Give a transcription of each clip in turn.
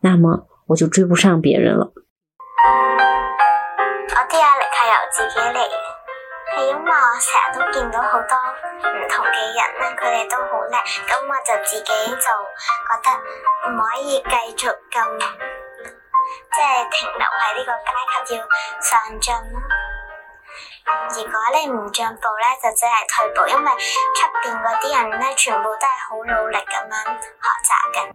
那麼我就追不上別人了。我啲壓力係由自己嚟嘅，係因為我成日都見到好多唔同嘅人咧，佢哋都好叻，咁我就自己就覺得唔可以繼續咁即係停留喺呢個階級，要上進咯。如果你唔進步咧，就只係退步，因為出邊嗰啲人咧，全部都係好努力咁樣學習嘅。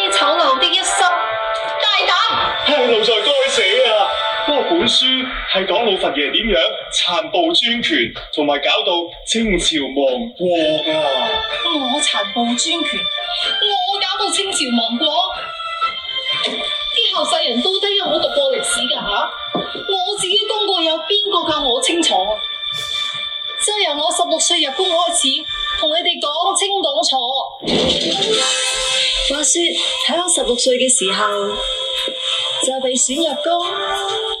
係講老佛爺點樣殘暴專權，同埋搞到清朝亡國噶！我殘暴專權，我搞到清朝亡國，啲後世人到底有冇讀過歷史噶吓？我自己功過有邊個夠我清楚啊？即係由我十六歲入宮開始，同你哋講清講楚。話說喺我十六歲嘅時候就被選入宮。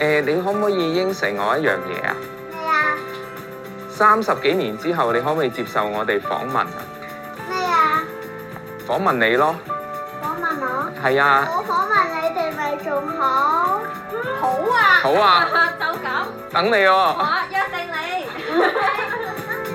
誒，你可唔可以應承我一樣嘢啊？咩啊？三十幾年之後，你可唔可以接受我哋訪問啊？咩啊？訪問你咯。訪問我。係啊。我訪問你哋咪仲好？好啊。好啊。哈哈，就咁。等你哦。我約定你。